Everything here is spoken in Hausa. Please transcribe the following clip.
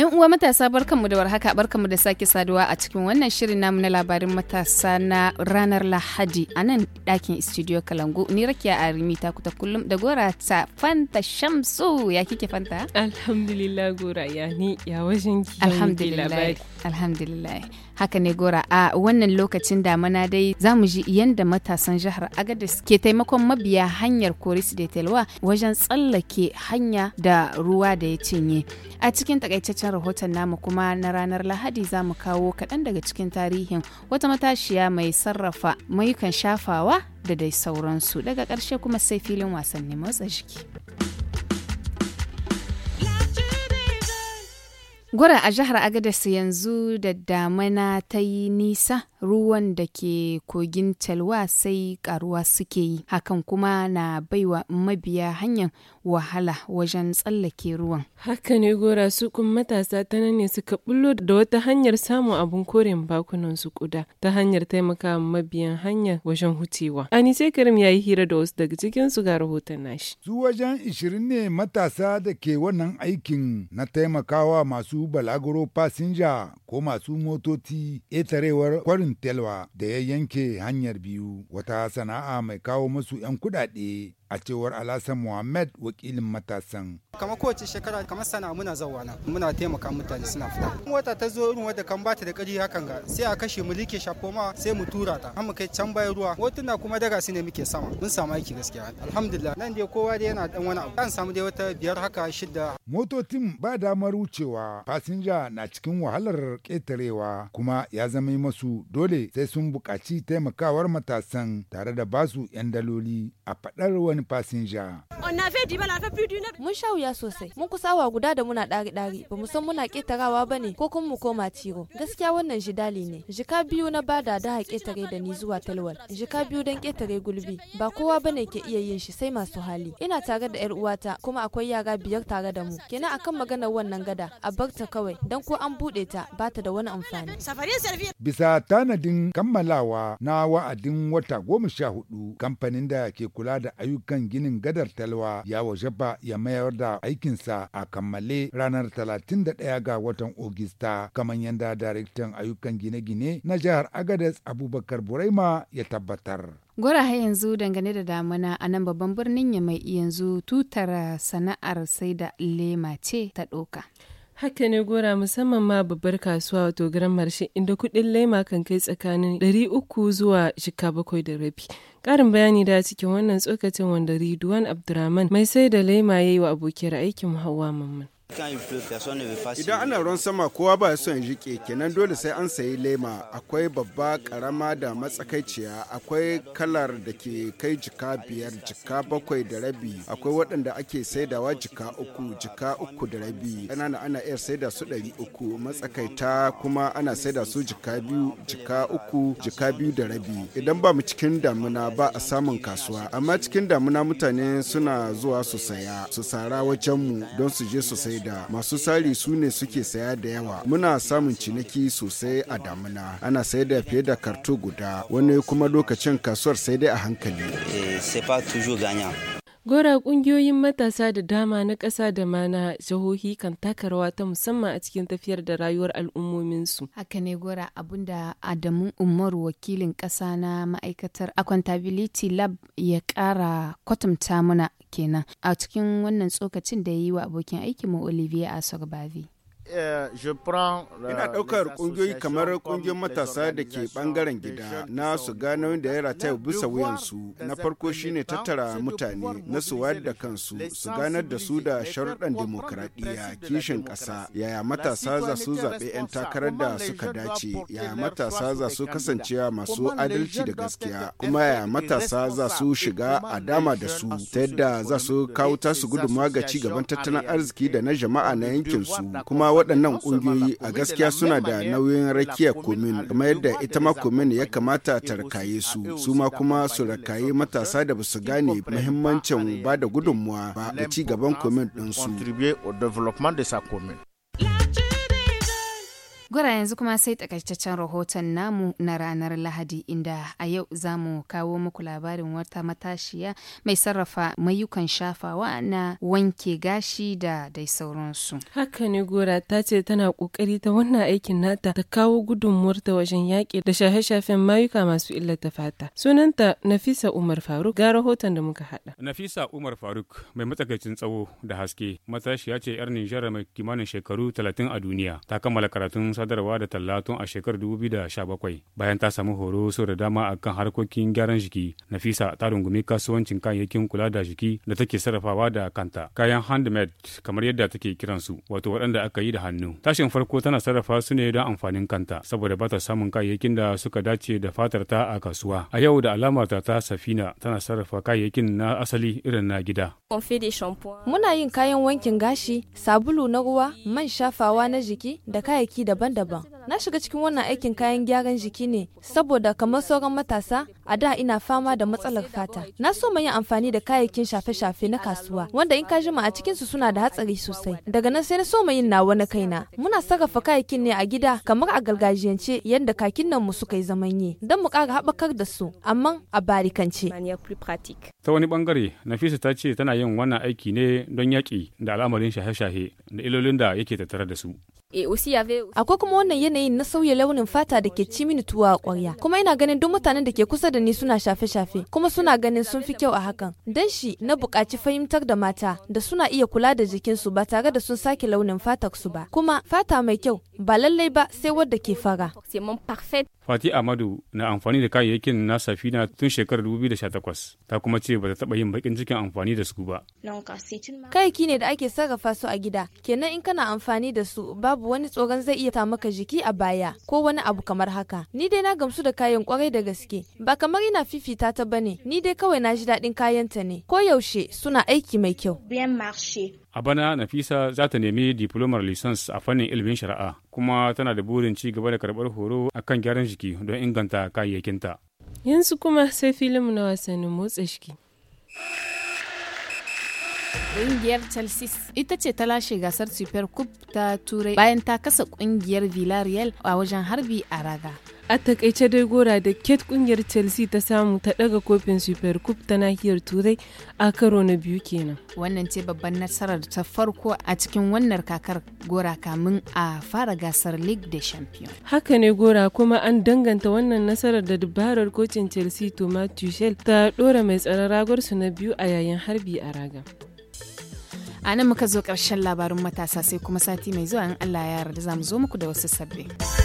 'Yan uwa matasa barkanmu da warhaka barkanmu da sake saduwa a cikin wannan shirin namu na labarin matasa na ranar Lahadi a nan dakin studio Kalangu. Ni Rakiya rimi ta kuta kullum da gora ta Fanta Shamsu ya kike Fanta? Alhamdulillah gora ya ni ya wajen ki. Alhamdulillah. Alhamdulillah. haka ne gora a wannan lokacin damana dai za mu ji yadda matasan jihar agadis ke taimakon mabiya hanyar koris da telwa wajen tsallake hanya da ruwa da ya cinye a cikin takaitaccen rahoton namu kuma na ranar lahadi za mu kawo kaɗan daga cikin tarihin wata matashiya mai sarrafa mayukan shafawa da dai sauransu daga ƙarshe kuma sai filin wasanni motsa jiki Gwara a jihar Agadez yanzu da damana ta yi nisa ruwan da ke kogin talwa sai karuwa suke yi hakan kuma na baiwa mabiya hanyar wahala wajen tsallake ruwan haka ne gora su kun matasa ta nan ne suka bullo da wata hanyar samun abun koren bakunan su kuda ta hanyar taimaka mabiyan hanyar wajen hutewa anise karim ya yi hira da wasu daga cikin su ga rahoton nashi su wajen ishirin ne matasa da ke wannan aikin na taimakawa masu balaguro fasinja ko masu motoci etarewar kwarin Ibrahim Telwa da ya yanke hanyar biyu wata sana'a mai kawo masu 'yan kudade. a cewar alhassan muhammad wakilin matasan kamar kowace shekara kamar sana muna zawana muna taimaka mutane suna fita wata ta zo irin wadda kan bata da kari hakan ga sai a kashe mu like shafo ma sai mu tura ta har mu kai can bayan ruwa na kuma daga su ne muke sama mun samu aiki gaskiya alhamdulillah nan dai kowa dai yana dan wani abu an samu dai wata biyar haka shida motocin ba damar wucewa fasinja na cikin wahalar ketarewa kuma ya zama masu dole sai sun buƙaci taimakawar matasan tare da basu 'yan daloli a faɗar wani wani Mun sha wuya sosai, mun kusa wa guda da muna ɗari-ɗari, ba mu san muna ƙetarawa ba ne ko kuma mu koma tiro. Gaskiya wannan jidali ne, jika biyu na bada da ha ƙetare da ni zuwa talwal, jika biyu don ƙetare gulbi, ba kowa ba ne ke iya yin shi sai masu hali. Ina tare da ‘yar uwata kuma akwai yara biyar tare da mu, kenan akan maganar wannan gada a barta kawai don ko an buɗe ta ba ta da wani amfani. Bisa tanadin kammalawa na wa'adin wata goma sha hudu kamfanin da ke kula da ayyuka kan ginin gadar talwa ya wajaba ya mayar da aikinsa a kammale ranar 31 ga watan Ogista kamar yadda daraktan ayyukan gine-gine na jihar Agadez Abubakar Buraima ya tabbatar. Gwara har yanzu dangane da damuna a nan babban birnin ya mai yanzu tutar sana'ar sai da lema ce ta ɗauka. Haka ne gora musamman ma babbar kasuwa wato garan marshe inda kuɗin laima kan kai tsakanin 300 zuwa shika bakwai da rabi. Ƙarin bayani da cikin wannan tsokacin wanda Ridwan Abdurrahman mai sai da laima ya yi wa abokiyar aikin hawa Mamman. Idan ana ruwan sama kowa ba son rike kenan dole sai an sayi lema akwai babba karama da matsakaiciya akwai kalar da ke kai jika biyar jika bakwai da rabi akwai waɗanda ake saidawa jika uku jika uku da rabi ƙanana ana iya saida su ɗari uku matsakaita kuma ana saida su jika biyu jika uku jika biyu da rabi idan ba mu cikin damuna ba a samun kasuwa amma cikin damuna mutane suna zuwa su saya su sara wajen mu don su je su sai da masu sari su ne suke saya da yawa muna samun ciniki sosai a damuna ana sayar da fiye da karto guda wani kuma lokacin kasuwar sai dai a hankali eh, Gora kungiyoyin matasa da dama na ƙasa da ma jihohi kan taka rawa ta musamman a cikin tafiyar da rayuwar al'ummominsu. Haka ne Gora abinda Adamu Umar wakilin ƙasa na ma'aikatar Accountability Lab ya ƙara kwatanta muna kenan a cikin wannan tsokacin da ya yi wa abokin aikinmu olivier asorbavi Eh, euh, Ina ɗaukar ƙungiyoyi kamar ƙungiyar matasa da ke ɓangaren gida na su gano da ya rataya bisa wuyansu na farko shine tattara mutane na su wayar da kansu su ganar da su da sharuɗan demokradiyya kishin ƙasa yaya matasa za su zaɓe 'yan takarar da suka dace yaya matasa za su kasance masu adalci da gaskiya kuma yaya matasa za su shiga a dama da su ta yadda za su kawo tasu gudunmawa ga ci gaban tattalin arziki da na jama'a na yankinsu kuma waɗannan ƙungiyoyi a gaskiya suna da nauyin rakiya komin kamar yadda ita ma komin ya kamata ta rakaye su su ma kuma su rakaye matasa da basu su gane muhimmancin ba da gudunmuwa ba a ci gaban komin ɗinsu. Gwara yanzu kuma sai takaitaccen rahoton namu na ranar Lahadi inda a yau za mu kawo muku labarin wata matashiya mai sarrafa mayukan shafawa na wanke gashi da dai sauransu. Haka ne Gora ta ce tana kokari ta wannan aikin nata ta kawo gudunmuwarta wajen yaƙi da shafe-shafen mayuka masu illata fata. Sunanta Nafisa Umar Faruk ga rahoton da muka haɗa. Nafisa Umar Faruk mai matsakaicin tsawo da haske matashiya ce 'yar Nijar mai kimanin shekaru talatin a duniya ta kammala karatun sadarwa da tallatun a shekarar 2017 bayan ta samu horo sau da dama a kan harkokin gyaran jiki nafisa ta rungumi kasuwancin kayayyakin kula da jiki da take sarrafawa da kanta kayan handmade kamar yadda take kiransu wato waɗanda aka yi da hannu tashin farko tana sarrafa su ne don amfanin kanta saboda ba ta samun kayayyakin da suka dace da fatar ta a kasuwa a yau da alama ta ta safina tana sarrafa kayayyakin na asali irin na gida muna yin kayan wankin gashi sabulu na ruwa man shafawa na jiki da kayayyaki daban daban-daban. Na shiga cikin wannan aikin kayan gyaran jiki ne saboda kamar sauran matasa a da ina fama da matsalar fata. Na so yi amfani da kayayyakin shafe-shafe na kasuwa wanda in ka jima a cikinsu suna da hatsari sosai. Daga nan sai na so yin nawa na kaina. Muna sarrafa kayayyakin ne a gida kamar a gargajiyance yadda kakin nan mu suka yi zaman yi don mu kara haɓakar da su amma a barikance. Ta wani bangare Nafisa ta ce tana yin wannan aiki ne don yaƙi da al'amarin shahe-shahe da ilolin da yake tattare da su. Eh, Akwai kuma wannan yanayin na sauya launin fata da ke ci mini tuwa a ƙwarya. Kuma ina ganin duk mutanen da ke kusa da ni suna shafe-shafe, kuma suna ganin sun fi kyau a hakan. Dan shi na buƙaci fahimtar da mata da suna iya kula da jikinsu ba tare da sun sake launin fatar su ba. Kuma fata mai kyau ba lallai ba sai wadda ke fara. Fati ahmadu na amfani da kayayyakin na Safina tun shekarar 2018 ta kuma ce ba ta taɓa yin bakin cikin amfani da su ba. Kayayyaki ne da ake sarrafa su a gida, kenan in kana amfani da su babu wani tsoron zai iya ta maka jiki a baya ko wani abu kamar haka. Ni dai na gamsu da kayan kwarai da gaske, ba kamar ina fifita ta bane, ni dai kawai na ji daɗin ta ne, ko yaushe suna aiki mai kyau. A bana Nafisa za ta nemi diplomar lisans a fannin ilimin shari'a kuma tana da burin ci gaba da karɓar horo a kan gyaran jiki don inganta kayayyakinta. Yanzu kuma sai filin na wasannin motsa jiki. Ƙungiyar Chelsea ita ce ta lashe gasar Super Cup ta Turai bayan ta kasa ƙungiyar Villarreal a wajen harbi a raga. a takaice dai gora da ket kungiyar chelsea ta samu ta daga kofin super cup ta nahiyar turai a karo na biyu kenan wannan ce babban nasarar ta farko a cikin wannan kakar gora kamun a fara gasar league da champion haka ne gora kuma an danganta wannan nasarar da dabarar kocin chelsea thomas tuchel ta dora mai tsaron ragar su na biyu a yayin harbi a raga a nan muka zo ƙarshen labarin matasa sai kuma sati mai zuwa in allah ya yarda za mu zo muku da wasu sabbi.